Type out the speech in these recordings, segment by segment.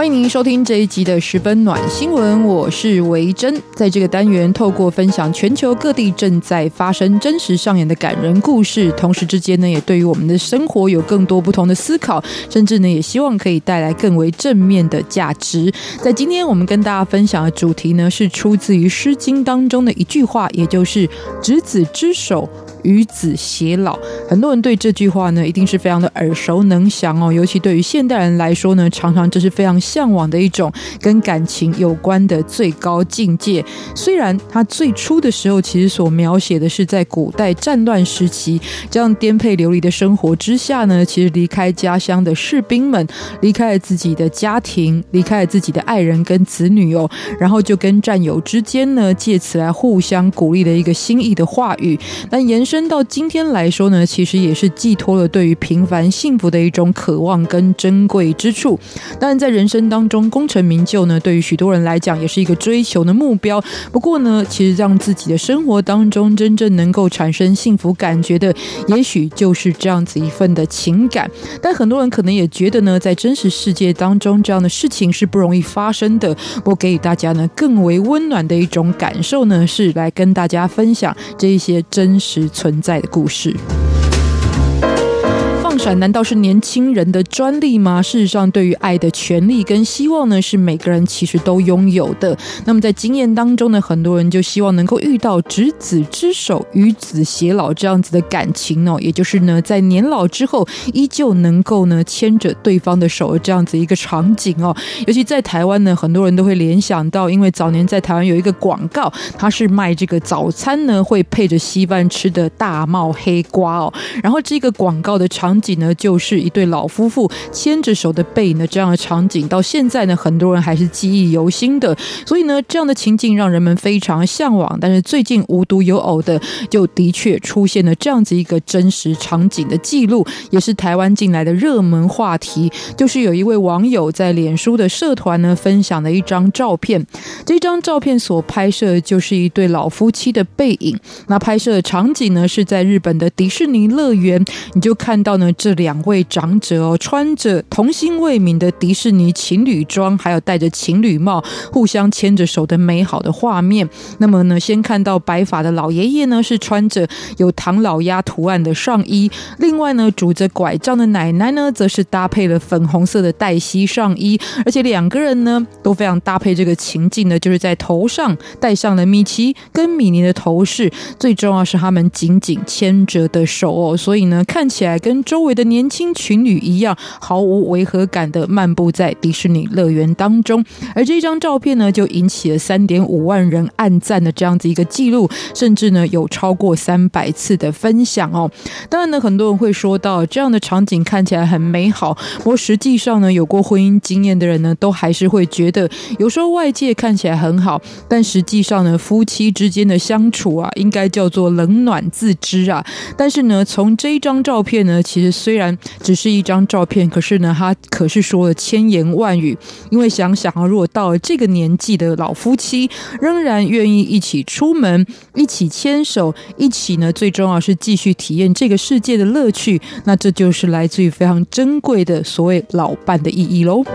歡迎您收聽這一集的十分暖新聞，我是維珍。在這個單元，透過分享全球各地正在發生、真實上演的感人故事，同時之間呢，也對於我們的生活有更多不同的思考，甚至呢，也希望可以帶來更為正面的價值。在今天，我們跟大家分享的主題呢，是出自於《詩經》當中的一句話，也就是“執子之手”。與子偕老，很多人對這句話呢，一定是非常的耳熟能詳哦。尤其對於現代人來說呢，常常這是非常向往的一種跟感情有關的最高境界。雖然他最初的時候，其實所描寫的是在古代戰亂時期，這樣顛沛流離的生活之下呢，其實離開家鄉的士兵們，離開了自己的家庭，離開了自己的愛人跟子女哦，然後就跟戰友之間呢，借此來互相鼓勵的一個心意的話語。那延。到今天來說呢，其實也是寄託了對於平凡幸福的一種渴望跟珍貴之處。當然，在人生當中功成名就呢，對於許多人來講也是一個追求的目標。不過呢，其實讓自己的生活當中真正能夠產生幸福感覺的，也許就是這樣子一份的情感。但很多人可能也覺得呢，在真實世界當中這樣的事情是不容易發生的。我給予大家呢更為溫暖的一種感受呢，是來跟大家分享這一些真實。存在的故事。難道是年輕人的專利嗎？事實上，對於愛的權利跟希望呢，是每個人其實都擁有的。那麼在經驗當中呢，很多人就希望能夠遇到執子之手，與子偕老這樣子的感情哦，也就是呢，在年老之後依舊能夠呢牽着對方的手的這樣子一個場景哦。尤其在台灣呢，很多人都會聯想到，因為早年在台灣有一個廣告，它是賣這個早餐呢會配着稀飯吃的大茂黑瓜哦，然後這個廣告的場景呢。呢，就是一對老夫婦牽着手的背影的這樣的場景，到現在呢，很多人還是記憶猶新的。所以呢，這樣的情景讓人們非常向往。但是最近無獨有偶的，就的確出現了這樣子一個真實場景的記錄，也是台灣近來的熱門話題。就是有一位網友在臉書的社團呢分享了一張照片，這張照片所拍攝就是一對老夫妻的背影。那拍攝的場景呢是在日本的迪士尼樂園，你就看到呢。這兩位長者哦，穿着童心未泯的迪士尼情侶裝，還有戴着情侶帽、互相牽着手的美好的畫面。那麼呢，先看到白髮的老爺爺呢，是穿着有唐老鴨圖案的上衣；另外呢，拄着拐杖的奶奶呢，則是搭配了粉紅色的黛西上衣。而且兩個人呢，都非常搭配這個情境呢，就是在頭上戴上了米奇跟米妮的頭飾。最重要是他們緊緊牽着的手哦，所以呢，看起來跟周圍。的年輕情侶一樣毫無違和感地漫步在迪士尼樂園當中，而這張照片呢，就引起了三點五萬人按讚的這樣子一個記錄，甚至呢，有超過三百次的分享哦。當然呢，很多人會說到這樣的場景看起來很美好，不過實際上呢，有過婚姻經驗的人呢，都還是會覺得有時候外界看起來很好，但實際上呢，夫妻之間的相處啊，應該叫做冷暖自知啊。但是呢，從這張照片呢，其實。雖然只是一張照片，可是呢，他可是說了千言萬語。因為想想啊，如果到了這個年紀的老夫妻，仍然願意一起出門，一起牽手，一起呢，最重要是繼續體驗這個世界的樂趣，那這就是來自於非常珍貴的所謂老伴的意義嘍。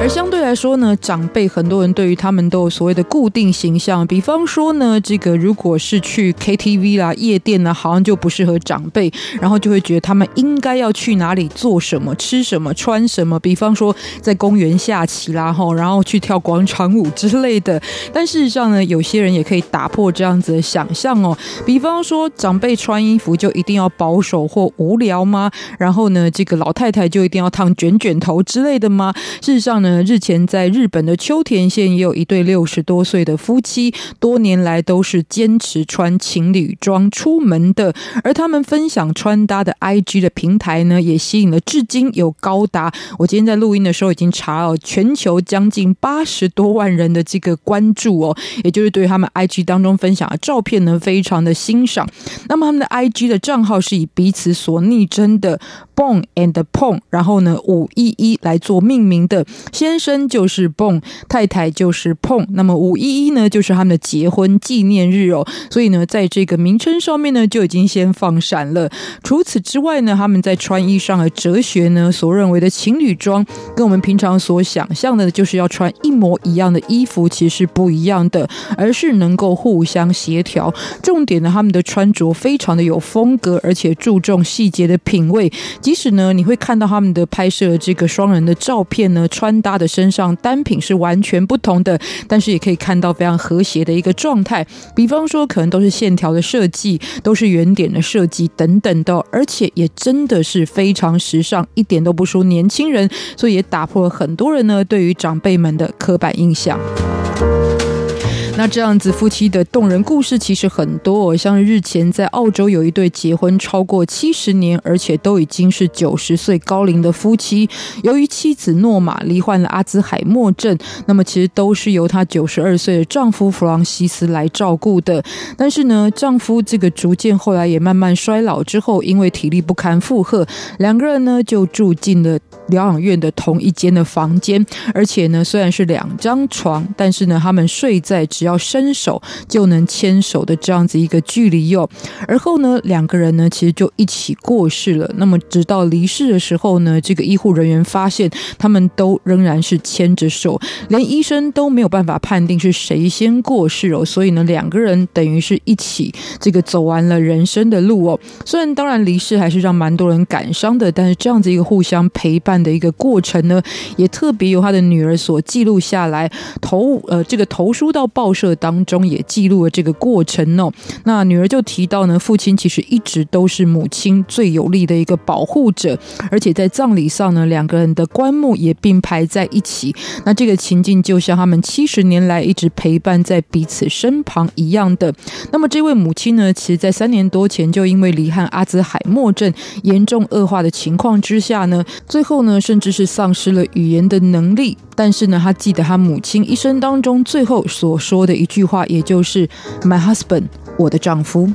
而相對。說呢，長輩很多人對於他們都有所謂的固定形象，比方說呢，這個如果是去 KTV 啦、夜店啦，好像就不適合長輩，然後就會覺得他們應該要去哪裡做什麼、吃什麼、穿什麼。比方說在公園下棋啦，吼，然後去跳廣場舞之類的。但事實上呢，有些人也可以打破這樣子的想象哦。比方說，長輩穿衣服就一定要保守或無聊嗎？然後呢，這個老太太就一定要燙卷卷頭之類的嗎？事實上呢，日前，在日本的秋田縣，也有一對六十多歲的夫妻，多年來都是堅持穿情侶裝出門的。而他們分享穿搭的 IG 的平台呢，也吸引了至今有高達，我今天在錄音的時候已經查了全球將近八十多萬人的這個關注哦，也就是對他們 IG 當中分享的照片呢，非常的欣賞。那麼他們的 IG 的賬號是以彼此所逆增的。Bong and Pong，然後呢，五一一來做命名的。先生就是 Bong，太太就是 Pong，那麼五一一呢，就是他們的結婚紀念日哦。所以呢，在這個名稱上面呢，就已經先放閃了。除此之外呢，他們在穿衣上的哲學呢，所認為的情侶裝，跟我們平常所想象的，就是要穿一模一樣的衣服，其實是不一樣的，而是能夠互相協調。重點呢，他們的穿着非常的有風格，而且注重細節的品味。即使呢，你會看到他們的拍攝這個雙人的照片呢，穿搭的身上單品是完全不同的，但是也可以看到非常和諧的一個狀態。比方說，可能都是線條的設計，都是圓點的設計等等的，而且也真的是非常時尚，一點都不輸年輕人，所以也打破了很多人呢對於長輩們的刻板印象。那這樣子夫妻的動人故事其實很多，像日前在澳洲有一對結婚超過七十年，而且都已經是九十歲高齡的夫妻，由於妻子諾瑪罹患了阿茲海默症，那麼其實都是由她九十二歲的丈夫弗朗西斯來照顧的。但是呢，丈夫這個逐漸後來也慢慢衰老之後，因為體力不堪負荷，兩個人呢就住進了。療養院的同一間的房間，而且呢，雖然是兩張床，但是呢，他們睡在只要伸手就能牽手的這樣子一個距離哦。而後呢，兩個人呢，其實就一起過世了。那麼，直到離世的時候呢，這個醫護人員發現他們都仍然是牽着手，連醫生都沒有辦法判定是誰先過世哦。所以呢，兩個人等於是一起這個走完了人生的路哦。雖然當然離世還是讓蠻多人感傷的，但是這樣子一個互相陪伴。的一個過程呢，也特別由他的女兒所記錄下來，投呃，這個投書到報社當中，也記錄了這個過程哦。那女兒就提到呢，父親其實一直都是母親最有力的一個保護者，而且在葬禮上呢，兩個人的棺木也並排在一起。那這個情境就像他們七十年來一直陪伴在彼此身旁一樣的。那麼，這位母親呢，其實在三年多前就因為離漢阿茲海默症嚴重惡化的情況之下呢，最後呢。甚至是喪失了語言的能力，但是呢，他記得他母親一生當中最後所說的一句話，也就是 “My husband，我的丈夫。”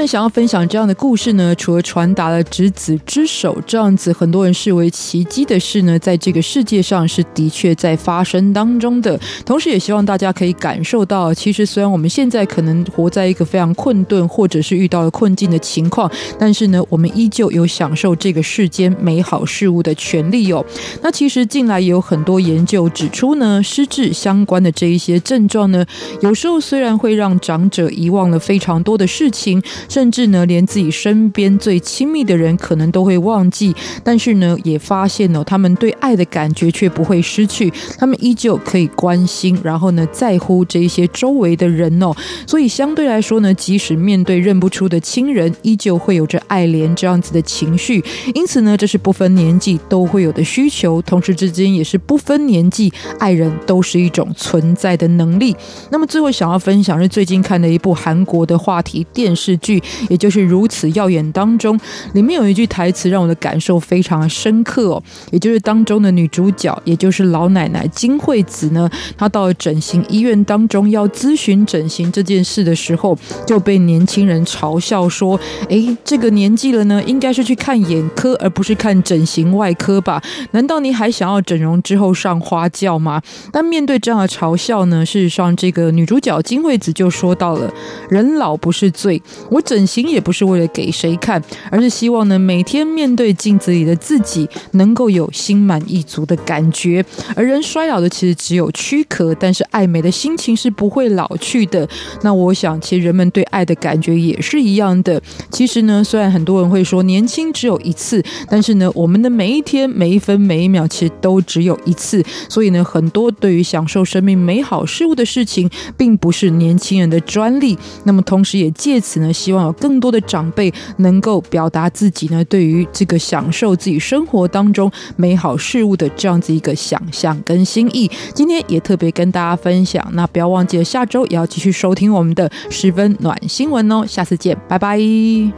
但想要分享這樣的故事呢？除了傳達了執子之手這樣子很多人視為奇蹟的事呢，在這個世界上是的確在發生當中的。同時，也希望大家可以感受到，其實雖然我們現在可能活在一個非常困頓，或者是遇到了困境的情況，但是呢，我們依舊有享受這個世間美好事物的權利哦。那其實近來也有很多研究指出呢，失智相關的這一些症狀呢，有時候雖然會讓長者遺忘了非常多的事情。甚至呢，連自己身邊最親密的人可能都會忘記，但是呢，也發現了、哦、他們對愛的感覺卻不會失去，他們依舊可以關心，然後呢，在乎這些周圍的人哦。所以相對來說呢，即使面對認不出的親人，依舊會有着愛憐這樣子的情緒。因此呢，這是不分年紀都會有的需求，同時之間也是不分年紀，愛人都是一種存在的能力。那麼最後想要分享是最近看的一部韓國的話題電視劇。也就是如此耀眼當中，裡面有一句台詞讓我的感受非常深刻哦。也就是當中的女主角，也就是老奶奶金惠子呢，她到了整形醫院當中要諮詢整形這件事的時候，就被年輕人嘲笑說：“誒，這個年紀了呢，應該是去看眼科，而不是看整形外科吧？難道你還想要整容之後上花轎嗎？”但面對這樣的嘲笑呢，事實上這個女主角金惠子就說到了：“人老不是罪，我。”整形也不是為了給誰看，而是希望呢每天面對鏡子裡的自己能夠有心滿意足的感覺。而人衰老的其實只有軀殼，但是愛美的心情是不會老去的。那我想，其實人們對愛的感覺也是一樣的。其實呢，雖然很多人會說年輕只有一次，但是呢，我們的每一天、每一分、每一秒其實都只有一次。所以呢，很多對於享受生命美好事物的事情，並不是年輕人的專利。那麼，同時也借此呢，希望。有更多的長輩能夠表達自己呢，對於這個享受自己生活當中美好事物的這樣子一個想象跟心意。今天也特別跟大家分享，那不要忘記了，下周也要繼續收聽我們的十分暖新聞哦。下次見，拜拜。